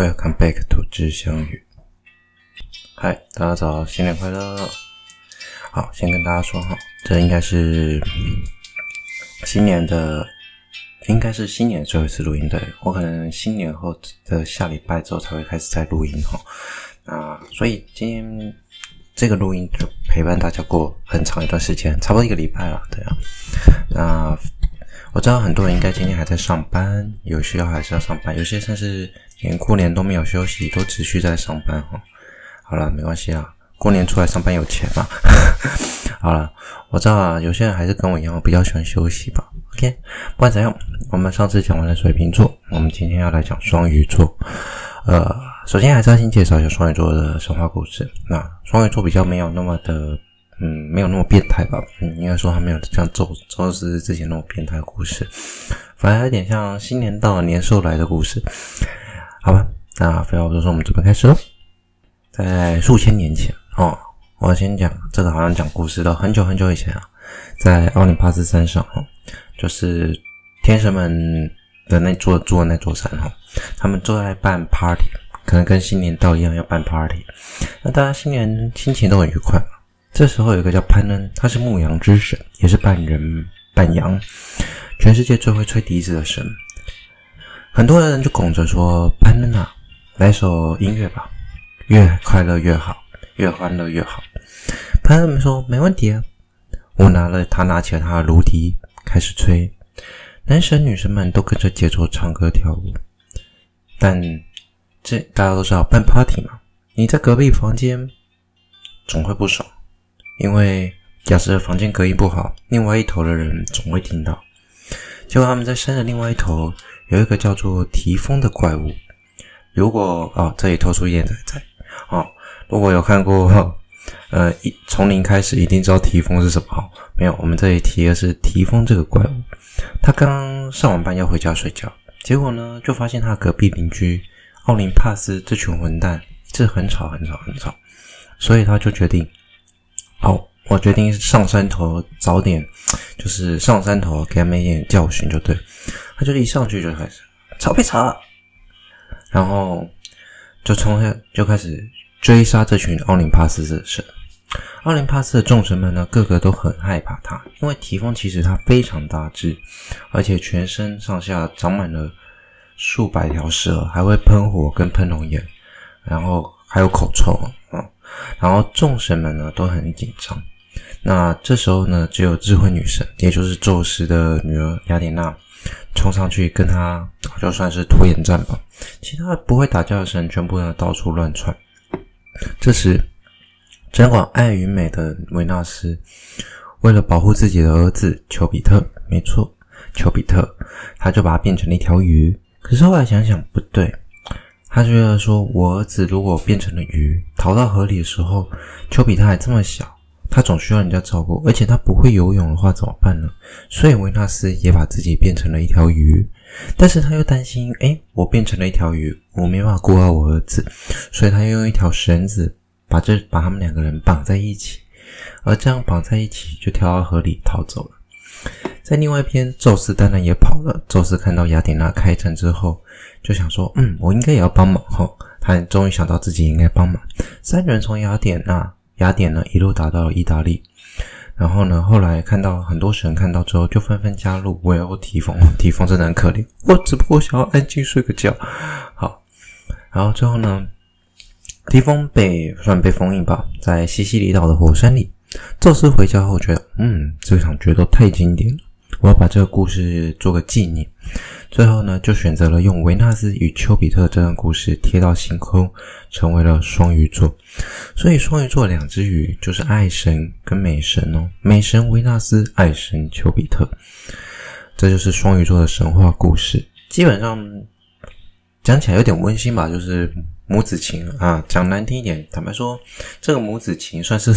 Welcome back to 土之相遇》。嗨，大家早，新年快樂！好，先跟大家說哈，這應該是今，嗯、年的，應該是新年最後一次錄音對。我可能新年的後的、這個、下禮拜之後才會開始再錄音哈，哦。啊，所以今天這個錄音就陪伴大家過很長一段時間，差不多一個禮拜了，對啊。那我知道很多人應該今天還在上班，有需要還是要上班，有些算是。連過年都沒有休息，都持續在上班哈。好了，沒關係啦，過年出來上班有錢嘛 好啦。好了，我知道啊，有些人還是跟我一樣，我比較喜歡休息吧。OK，不管怎樣，我們上次講完了水瓶座，我們今天要來講雙魚座。呃，首先還是要先介紹一下雙魚座的神話故事。那雙魚座比較沒有那麼的，嗯，沒有那麼變態吧。嗯，應該說他沒有像宙斯之前那麼變態故事，反而有點像新年到年獸來的故事。好吧，那廢話不多說，說，我們準備開始嘍。在數千年前哦，我先講這個好像講故事的，很久很久以前啊，在奧林帕斯山上哈、啊，就是天神們的那座住的那座山哈、啊，他們坐在辦 party，可能跟新年到一樣要辦 party，那大家新年心情都很愉快。這時候有一個叫潘恩，他是牧羊之神，也是半人半羊，全世界最會吹笛子的神。很多人就拱着說：“潘恩娜，來首音樂吧，越快樂越好，越歡樂越好。”潘恩們說：“沒問題啊。”我拿了他，拿起了他的蘆笛，開始吹。男神女神們都跟着節奏唱歌跳舞。但這大家都知道，辦 party 嘛，你在隔壁房間總會不爽，因為假設房間隔音不好，另外一頭的人總會聽到。結果他們在山的另外一頭。有一個叫做提豐的怪物。如果啊、哦，這裡拖出一點彩彩啊，如果有看過呃，從零開始一定知道提豐是什麼啊、哦？沒有，我們這裡提的是提豐這個怪物。他剛上完班要回家睡覺，結果呢，就發現他隔壁鄰居奧林帕斯這群混蛋一直很吵很吵很吵，所以他就決定，好。我決定上山頭，早點，就是上山頭給他們一點，點教訓就對了。他就是一上去就開始吵，別草吵草，然後就從開就開始追殺這群奧林帕斯之神。奧林帕斯的眾神們呢，個個都很害怕他，因為提豐其實他非常大隻，而且全身上下長滿了數百條蛇，還會噴火跟噴熔岩，然後還有口臭、哦、然後眾神們呢都很緊張。那這時候呢，只有智慧女神，也就是宙斯的女兒雅典娜，衝上去跟他，就算是拖延戰吧。其他不會打架的神全部呢，到處亂竄。這時，掌管愛與美的維納斯，為了保護自己的兒子丘比特，沒錯，丘比特，他就把它變成了一條魚。可是後來想想不對，他覺得說，我兒子如果變成了魚，逃到河裡的時候，丘比特還這麼小。他總需要人家照顧，而且他不會游泳的話怎麼辦呢？所以維納斯也把自己變成了一條魚，但是他又擔心，哎，我變成了一條魚，我沒辦法顧好我兒子，所以他又用一條繩子把這把他們兩個人綁在一起，而這樣綁在一起就跳到河裡逃走了。在另外一邊，宙斯當然也跑了。宙斯看到雅典娜開戰之後，就想說，嗯，我應該也要幫忙哈、哦。他終於想到自己應該幫忙，三人從雅典娜。雅典呢，一路打到了意大利，然後呢，後來看到很多神看到之後，就紛紛加入維奧蒂豐。蒂豐真的很可憐，我只不過想要安靜睡個覺。好，然後之後呢，蒂豐被算被封印吧，在西西里島的火山裡。宙斯回家後覺得，嗯，這場決鬥太經典了。我要把這個故事做個紀念，最後呢，就選擇了用維納斯與丘比特這段故事貼到星空，成為了雙魚座。所以雙魚座的兩隻魚就是愛神跟美神哦，美神維納斯，愛神丘比特，這就是雙魚座的神話故事。基本上講起來有點溫馨吧，就是母子情啊。講難聽一點，坦白說，這個母子情算是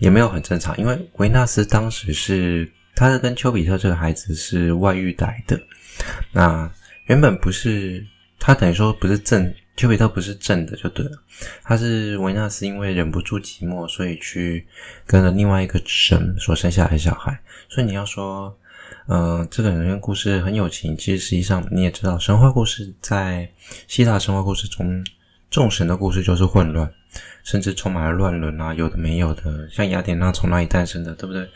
也沒有很正常，因為維納斯當時是。他是跟丘比特這個孩子是外遇來的，那原本不是，他等於說不是正，丘比特不是正的就對了，他是維納斯因為忍不住寂寞，所以去跟了另外一個神所生下來的小孩，所以你要說，呃，這個人的故事很有情，其實實際上你也知道神話故事，在希臘神話故事中。眾神的故事就是混亂，甚至充滿了亂倫啊，有的沒有的，像雅典娜從哪裡誕生的，對不對？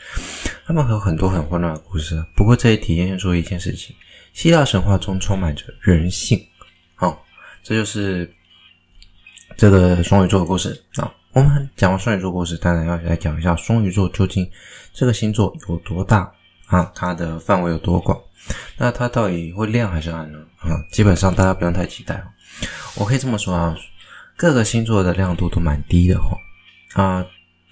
他們還有很多很混亂的故事啊。不過這也體現出一件事情：希臘神話中充滿着人性。好，這就是這個雙魚座的故事啊。我們講完雙魚座故事，當然要來講一下雙魚座究竟這個星座有多大啊？它的範圍有多廣？那它到底會亮還是暗呢？啊，基本上大家不用太期待我可以這麼說啊，各個星座的亮度都蠻低的哈、哦，啊，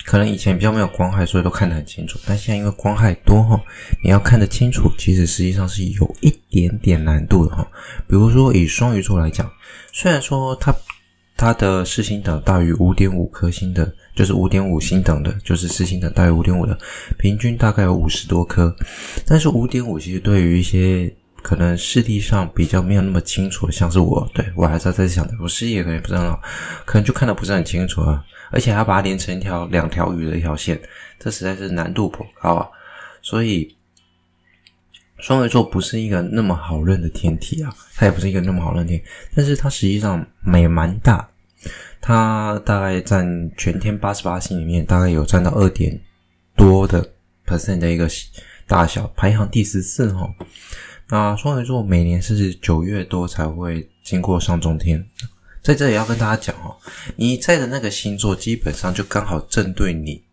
可能以前比較沒有光害，所以都看得很清楚。但現在因為光害多哈、哦，你要看得清楚，其實實際上是有一點點難度的哈、哦。比如說以雙魚座來講，雖然說它它，的視星等大於五點五顆星的，就是五點五星等的，就是視星等大於五點五的，平均大概有五十多顆，但是五點五其實對於一些可能視力上比較沒有那麼清楚，像是我，對，我還是在想，我視力可能也不是很好，可能就看的不是很清楚啊，而且還要把它連成一條兩條魚的一條線，這實在是難度頗高啊。所以，雙魚座不是一個那麼好認的天體啊，它也不是一個那麼好認的天，但是它實際上美蠻大，它大概占全天八十八星裡面，大概有占到二點多的 percent 的一個大小，排行第十四哈。啊，雙魚座每年是九月多才會經過上中天。在這裡要跟大家講哦，你在的那個星座基本上就剛好正對你，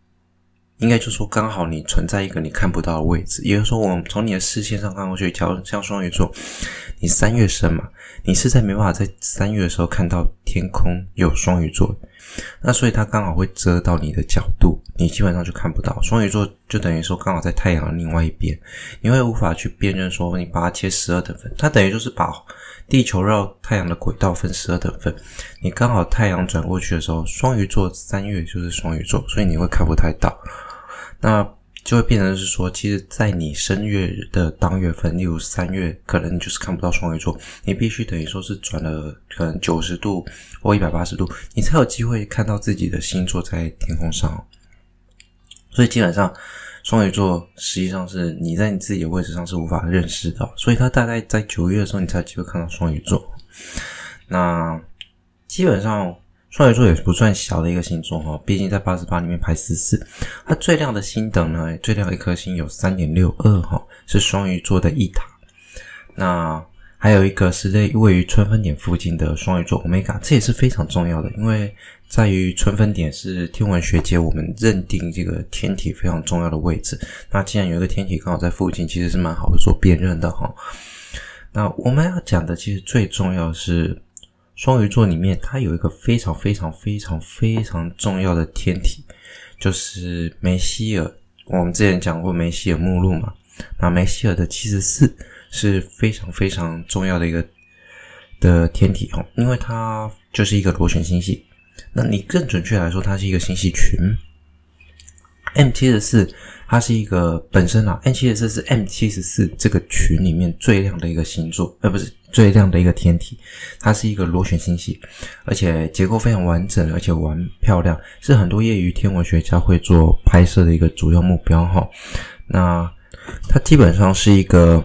應該就說剛好你存在一個你看不到的位置，也就是說，我們從你的視線上看過去，假如像雙魚座，你三月生嘛，你實在沒辦法在三月的時候看到天空有雙魚座。那所以它剛好會遮到你的角度，你基本上就看不到。雙魚座就等於說剛好在太陽的另外一邊，你會無法去辨認說你把它切十二等份，它等於就是把地球繞太陽的軌道分十二等份。你剛好太陽轉過去的時候，雙魚座三月就是雙魚座，所以你會看不太到。那。就會變成是說，其實，在你生月的當月份，例如三月，可能你就是看不到雙魚座，你必須等於說是轉了可能九十度或一百八十度，你才有機會看到自己的星座在天空上。所以基本上，雙魚座實際上是你在你自己的位置上是無法認識的，所以它大概在九月的時候，你才有機會看到雙魚座。那基本上。雙魚座也是不算小的一個星座哈，畢竟在八十八裡面排十四，它最亮的星等呢，最亮的一顆星有三點六二哈，是雙魚座的伊塔。那還有一個是在位於春分點附近的雙魚座歐米伽，這也是非常重要的，因為在於春分點是天文學界我們認定這個天體非常重要的位置。那既然有一個天體剛好在附近，其實是蠻好做辨認的哈。那我們要講的其實最重要的是。雙魚座裡面，它有一個非常非常非常非常重要的天體，就是梅西爾。我們之前講過梅西爾目錄嘛，那梅西爾的七十四是非常非常重要的一個的天體，哦，因為它就是一個螺旋星系。那你更準確來說，它是一個星系群。M 七十四，它是一個本身啊，M 七十四是 M 七十四這個群裡面最亮的一個星座，呃，不是。最亮的一個天體，它是一個螺旋星系，而且結構非常完整，而且完漂亮，是很多業餘天文學家會做拍攝的一個主要目標哈。那它基本上是一個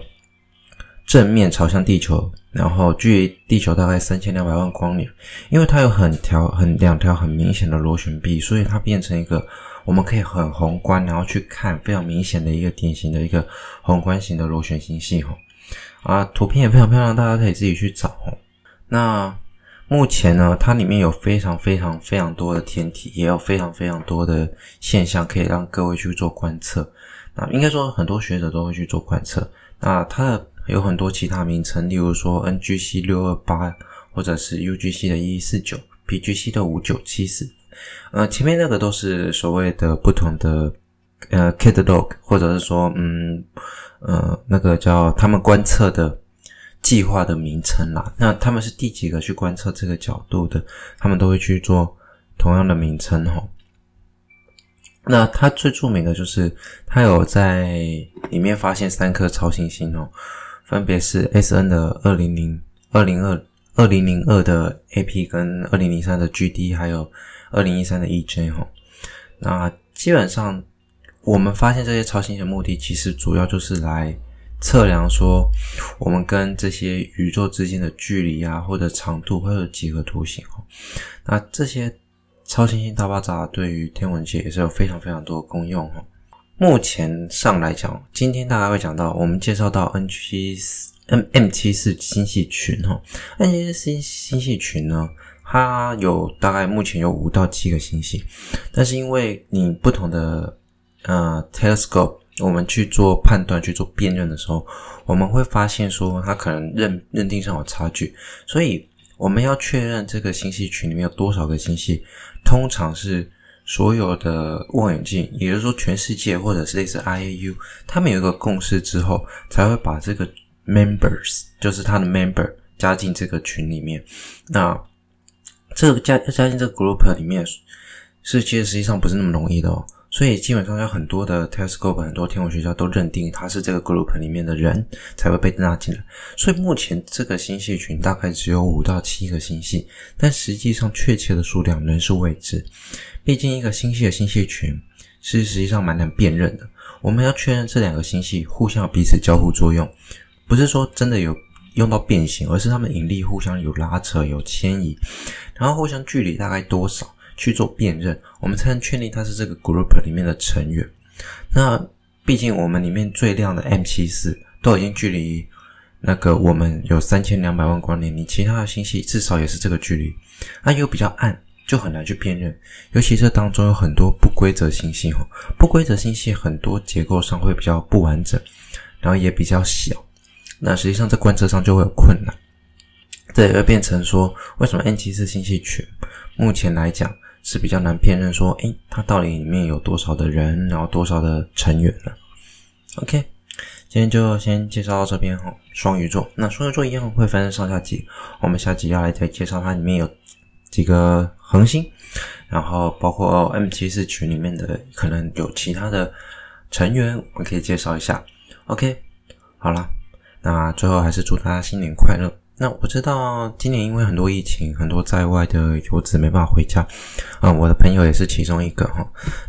正面朝向地球，然後距離地球大概三千兩百萬光年，因為它有很條很兩條很明顯的螺旋臂，所以它變成一個我們可以很宏觀，然後去看非常明顯的一個典型的一個宏觀型的螺旋星系哈。啊，圖片也非常漂亮，大家可以自己去找哦。那目前呢，它裡面有非常非常非常多的天體，也有非常非常多的現象可以讓各位去做觀測。啊，應該說，很多學者都會去做觀測。那它有很多其他名稱，例如說 NGC 六二八，或者是 UGC 的一一四九，PGC 的五九七四。呃，啊，前面那個都是所謂的不同的。呃，catalog，uh, 或者是說，嗯，呃，那個叫他們觀測的計劃的名稱啦。那他們是第幾個去觀測這個角度的？他們都會去做同樣的名稱哈、哦。那他最著名的就是他有在裡面發現三顆超新星哦，分別是 SN 的二零零二零二二零零二的 AP 跟二零零三的 GD，還有二零一三的 EJ 哈、哦。那基本上。我們發現這些超新星的目的其實主要就是來測量，說我們跟這些宇宙之間的距離啊，或者長度，或者幾何圖形哈。那這些超新星大爆炸對於天文界也是有非常非常多的功用哈。目前上來講，今天大概會講到我們介紹到 M 七四 M M 七四星系群哈。M 七四星系群呢，它有大概目前有五到七個星系，但是因為你不同的，呃、uh，telescope，我們去做判斷、去做辨認的時候，我們會發現說，它可能認認定上有差距，所以我們要確認這個星系群裡面有多少個星系，通常是所有的望遠鏡，也就是說全世界或者是類似 IAU，他們有一個共識之後，才會把這個 members，就是他的 member 加進這個群裡面。那這個加加進這個 group 裡面，是其實實際上不是那麼容易的哦。所以基本上有很多的 telescope，很多天文學家都認定他是這個 group 裡面的人，才會被納進來。所以目前這個星系群大概只有五到七個星系，但實際上確切的數量仍是未知。畢竟一個星系的星系群是實際上蠻難辨認的。我們要確認這兩個星系互相彼此交互作用，不是說真的有用到變形，而是它們引力互相有拉扯、有遷移，然後互相距離大概多少，去做辨認，我們才能確定它是這個 group 裡面的成員。那畢竟我們裡面最亮的 M74 都已經距離那個我們有三千兩百萬光年，你其他的星系至少也是這個距離。那、啊、又比較暗，就很難去辨認。尤其這當中有很多不規則星系哦，不規則星系很多結構上會比較不完整，然後也比較小。那實際上在觀測上就會有困難，這也會變成說，為什麼 M74 星系群目前來講？是比較難辨認，說，誒，它到底裡面有多少的人，然後多少的成員呢？OK，今天就先介紹到這邊哈。雙魚座，那雙魚座一樣會分成上下集，我們下集要來再介紹它裡面有幾個恆星，然後包括 M74 群裡面的可能有其他的成員，我們可以介紹一下。OK，好啦，那最後還是祝大家新年快樂。那我知道，今年因為很多疫情，很多在外的遊子沒辦法回家啊、嗯。我的朋友也是其中一個哈，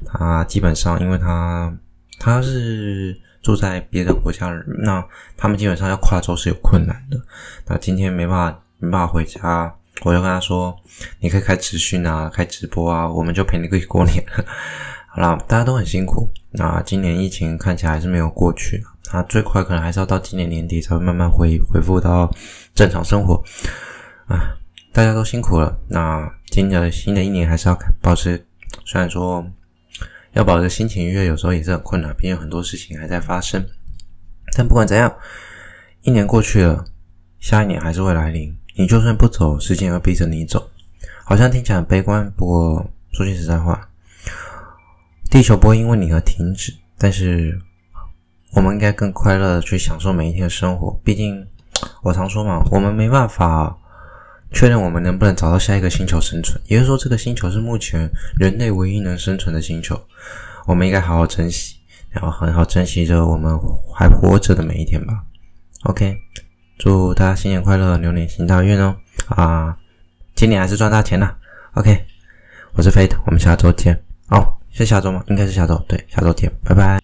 他基本上因為他他是住在別的國家人，那他們基本上要跨州是有困難的。那今天沒辦法沒辦法回家，我就跟他說，你可以開直訓啊，開直播啊，我們就陪你一起過年了。好啦，大家都很辛苦。那今年疫情看起來還是沒有過去。啊，最快可能還是要到今年年底才會慢慢恢恢復到正常生活。啊，大家都辛苦了。那今年的新的一年還是要保持，雖然說要保持心情愉悅，有時候也是很困難，畢竟有很多事情還在發生。但不管怎樣，一年過去了，下一年還是會來臨。你就算不走，時間也會逼着你走。好像聽起來很悲觀，不過說句實在話，地球不會因為你而停止，但是。我們應該更快樂的去享受每一天的生活。畢竟，我常說嘛，我們沒辦法確認我們能不能找到下一個星球生存，也就是說，這個星球是目前人類唯一能生存的星球。我們應該好好珍惜，然後很好珍惜着我們還活着的每一天吧。OK，祝大家新年快樂，牛年行大運哦！啊，今年還是賺大錢了。OK，我是費特，我們下周見。哦，是下周嗎？應該是下周，對，下周見，拜拜。